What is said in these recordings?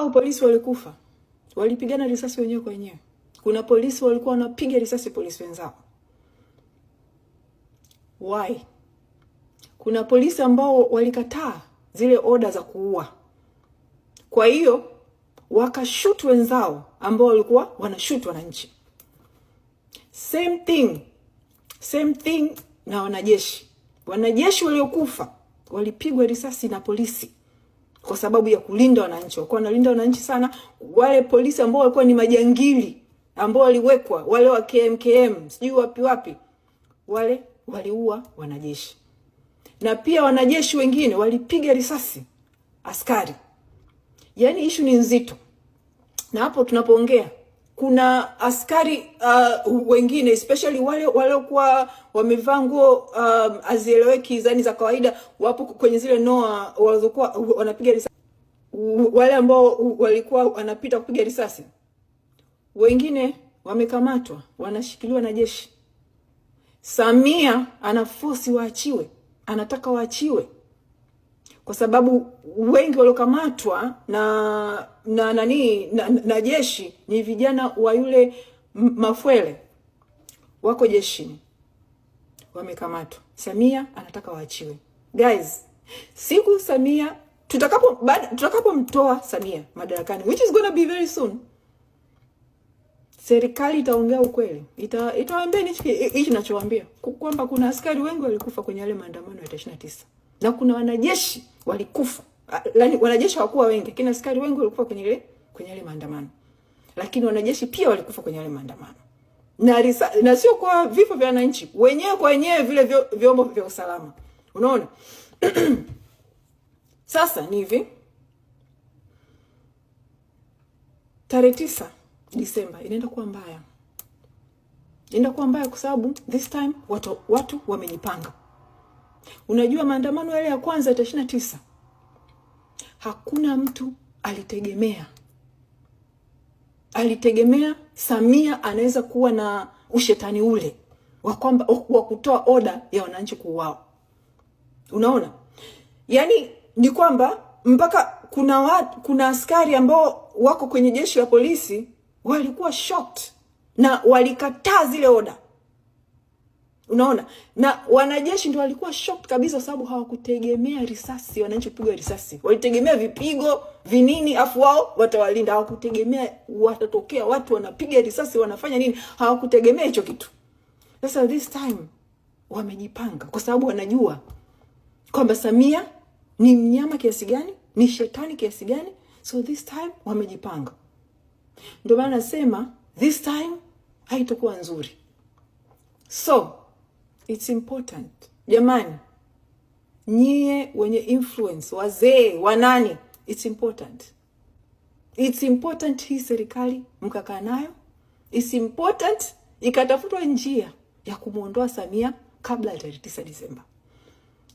hao polisi walikufa, walipigana risasi wenyewe kwa wenyewe. Kuna polisi walikuwa wanapiga risasi polisi wenzao. Why? Kuna polisi ambao walikataa zile oda za kuua, kwa hiyo wakashutu wenzao ambao walikuwa wanashutu wananchi. Same thing, same thing na wanajeshi. Wanajeshi waliokufa walipigwa risasi na polisi kwa sababu ya kulinda wananchi. Walikuwa wanalinda wananchi sana. Wale polisi ambao walikuwa ni majangili ambao waliwekwa wale wa KMKM sijui wapi wapi, wale waliua wanajeshi, na pia wanajeshi wengine walipiga risasi askari. Yaani ishu ni nzito, na hapo tunapoongea kuna askari uh, wengine especially wale waliokuwa wamevaa nguo um, azieleweki zani za kawaida, wapo kwenye zile noa walizokuwa wanapiga risasi, wale ambao walikuwa wanapita kupiga risasi, wengine wamekamatwa, wanashikiliwa na jeshi. Samia anafosi waachiwe, anataka waachiwe kwa sababu wengi waliokamatwa na na nani na, na jeshi ni vijana wa yule Mafwele, wako jeshini wamekamatwa. Samia anataka waachiwe. Guys, siku Samia tutakapo tutakapomtoa Samia madarakani which is gonna be very soon, serikali itaongea ukweli, itawaambia hichi nachowaambia kwamba kuna askari wengi walikufa kwenye yale maandamano ya 29 na kuna wanajeshi walikufa, yaani wanajeshi hawakuwa wengi, lakini askari wengi walikufa kwenye ile kwenye ile maandamano, lakini wanajeshi pia walikufa kwenye ile maandamano na, risa, na sio kwa vifo vya wananchi wenyewe kwa wenyewe, vile vyombo vya usalama. Unaona, sasa ni hivi, tarehe tisa Disemba inaenda kuwa mbaya, inaenda kuwa mbaya kwa sababu this time watu, watu wamejipanga Unajua maandamano yale ya kwanza tarehe ishirini na tisa hakuna mtu alitegemea alitegemea Samia anaweza kuwa na ushetani ule wa kwamba wa kutoa oda ya wananchi kuuawa. Unaona, yaani ni kwamba mpaka kuna wa, kuna askari ambao wako kwenye jeshi la polisi walikuwa shocked na walikataa zile oda. Unaona, na wanajeshi ndio walikuwa shocked kabisa, kwa sababu hawakutegemea risasi, wananchi kupigwa risasi. Walitegemea vipigo vinini, afu wao watawalinda. Hawakutegemea watatokea watu wanapiga risasi, wanafanya nini, hawakutegemea hicho kitu. Sasa this time wamejipanga, kwa sababu wanajua kwamba Samia ni mnyama kiasi gani, ni shetani kiasi gani. So this time wamejipanga, ndio maana nasema this time haitakuwa nzuri so It's important jamani, nyie wenye influence, wazee, wanani, it's important. It's important hii serikali mkakaa nayo, it's important ikatafutwa njia ya kumwondoa Samia kabla ya tarehe tisa Disemba,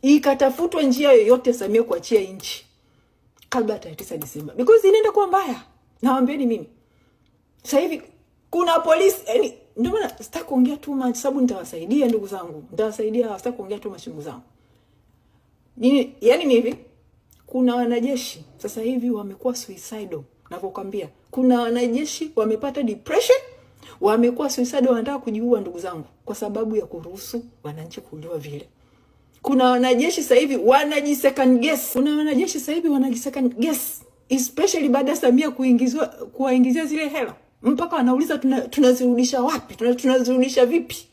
ikatafutwa njia yoyote Samia kuachia nchi kabla ya tarehe tisa Disemba, because inaenda kuwa mbaya. Nawambieni mimi sahivi kuna polisi yani ndio maana sitaki kuongea too much, sababu nitawasaidia ndugu zangu, nitawasaidia. hawa, Sitaki kuongea too much ndugu zangu. Nini, yani ni hivi, kuna wanajeshi sasa hivi wamekuwa suicidal, navyokwambia, kuna wanajeshi wamepata depression, wamekuwa suicidal, wanataka kujiua ndugu zangu, kwa sababu ya kuruhusu wananchi kuuliwa vile. Kuna wanajeshi sasa hivi wanajisecond guess, kuna wanajeshi sasa hivi wanajisecond guess, especially baada ya Samia kuingizwa kuwaingizia zile hela mpaka wanauliza tunazirudisha tuna wapi, tunazirudisha tuna vipi?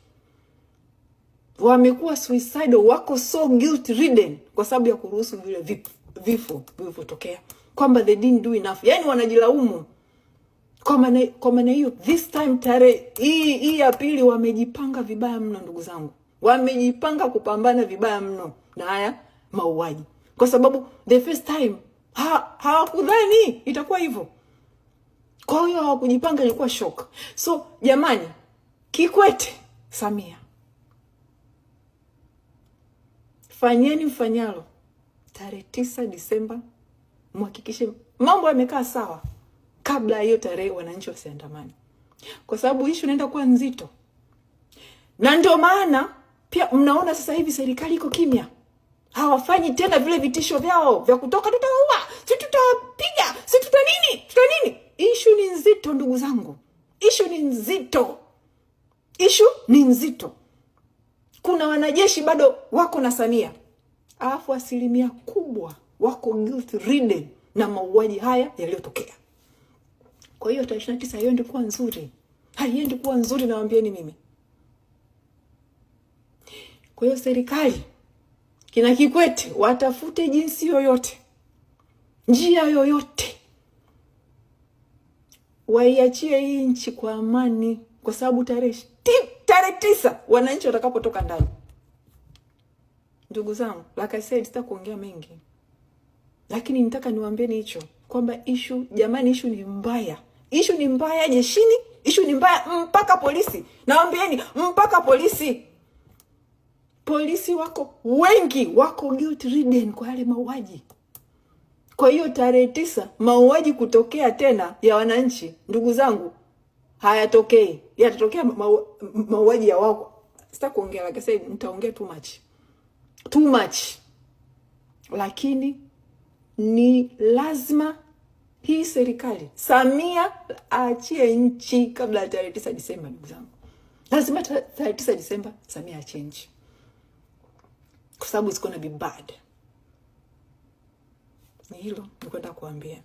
Wamekuwa suicidal, wako so guilt ridden kwa sababu ya kuruhusu vile vifo vilivyotokea, kwamba they didn't do enough, yani wanajilaumu kwa maana hiyo. This time tarehe hii hii ya pili wamejipanga vibaya mno, ndugu zangu, wamejipanga kupambana vibaya mno na haya mauaji, kwa sababu the first time hawakudhani ha, itakuwa hivyo. Kwa hiyo hawakujipanga, ilikuwa shok So jamani, Kikwete, Samia, fanyeni mfanyalo. Tarehe tisa Disemba mhakikishe mambo yamekaa sawa, kabla ya hiyo tarehe wananchi wasiandamani, kwa sababu ishu inaenda kuwa nzito, na ndio maana pia mnaona sasa hivi serikali iko kimya, hawafanyi tena vile vitisho vyao vya kutoka tutaua si tutapiga si tuta nini, tuta nini. Ishu ni nzito, ndugu zangu, ishu ni nzito, ishu ni nzito. Kuna wanajeshi bado wako na Samia, alafu asilimia kubwa wako guilt ridden na mauaji haya yaliyotokea. Kwa hiyo tarehe ishirini na tisa haiendi kuwa nzuri, haiendi kuwa nzuri, nawambieni mimi. Kwa hiyo serikali kina Kikwete watafute jinsi yoyote njia yoyote waiachie hii nchi kwa amani, kwa sababu tarehe tarehe tisa wananchi watakapotoka ndani. Ndugu zangu, like I said, sita kuongea mengi, lakini nitaka niwaambieni hicho kwamba ishu jamani, ishu ni mbaya, ishu ni mbaya jeshini, ishu ni mbaya mpaka polisi. nawambieni mpaka polisi, polisi wako wengi, wako guilt ridden kwa yale mauaji. Kwa hiyo tarehe tisa mauaji kutokea tena ya wananchi, ndugu zangu, hayatokei. Yatatokea mauaji ya wako. Sitakuongea like sasa, nitaongea too much, too much, lakini ni lazima hii serikali Samia aachie nchi kabla ya tarehe tisa Disemba. Ndugu zangu, lazima tarehe tisa Disemba Samia aachie nchi, kwa sababu it's gonna be bad ni hilo, ni kwenda kuambia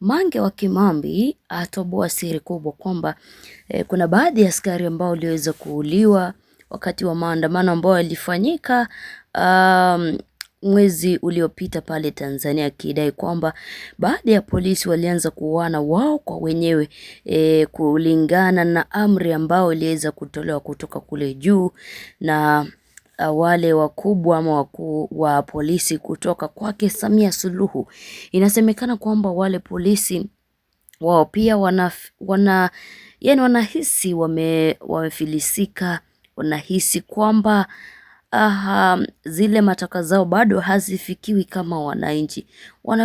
Mange wa Kimambi atoboa siri kubwa kwamba eh, kuna baadhi ya askari ambao waliweza kuuliwa wakati wa maandamano ambayo yalifanyika um, mwezi uliopita pale Tanzania, akidai kwamba baadhi ya polisi walianza kuuana wao kwa wenyewe e, kulingana na amri ambayo iliweza kutolewa kutoka kule juu na wale wakubwa ama wakuu wa polisi kutoka kwake Samia Suluhu. Inasemekana kwamba wale polisi wao pia wana, wana, yani wanahisi wame, wamefilisika, wanahisi kwamba aha, zile mataka zao bado hazifikiwi kama wananchi,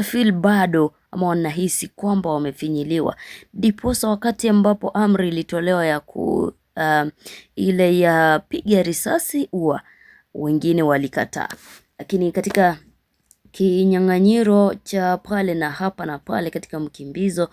feel bado ama wanahisi kwamba wamefinyiliwa, ndiposa wakati ambapo amri ilitolewa ya ku uh, ile ya piga risasi ua wengine walikataa. Lakini katika kinyang'anyiro cha pale na hapa na pale katika mkimbizo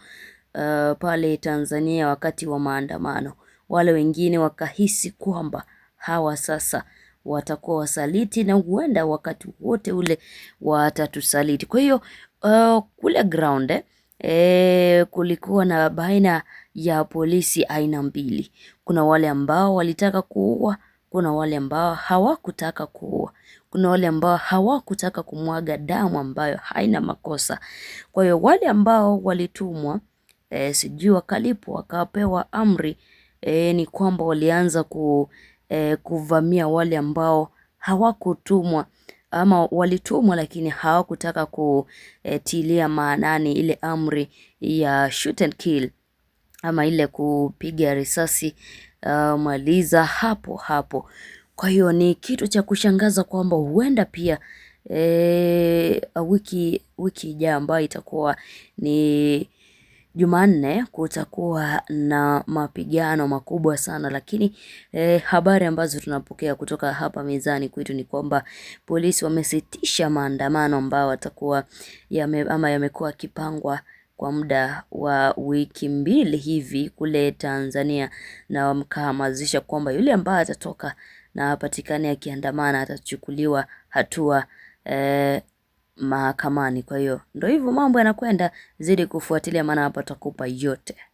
uh, pale Tanzania wakati wa maandamano, wale wengine wakahisi kwamba hawa sasa watakuwa wasaliti na huenda wakati wote ule watatusaliti. Kwa hiyo uh, kule ground eh, kulikuwa na baina ya polisi aina mbili. Kuna wale ambao walitaka kuua kuna wale ambao hawakutaka kuua, kuna wale ambao hawakutaka kumwaga damu ambayo haina makosa. Kwa hiyo wale ambao walitumwa e, sijui wakalipwa wakapewa amri e, ni kwamba walianza ku, e, kuvamia wale ambao hawakutumwa ama walitumwa lakini hawakutaka kutilia maanani ile amri ya shoot and kill ama ile kupiga risasi uh, maliza hapo hapo. Kwa hiyo ni kitu cha kushangaza kwamba huenda pia e, wiki wiki ijayo ambayo itakuwa ni Jumanne kutakuwa na mapigano makubwa sana, lakini eh, habari ambazo tunapokea kutoka hapa mezani kwetu ni kwamba polisi wamesitisha maandamano ambayo watakuwa yame, ama yamekuwa yakipangwa kwa muda wa wiki mbili hivi kule Tanzania na wamkahamazisha kwamba yule ambaye atatoka na apatikane akiandamana atachukuliwa hatua eh, mahakamani. Kwa hiyo ndio hivyo mambo yanakwenda. Zidi kufuatilia, maana hapa yote.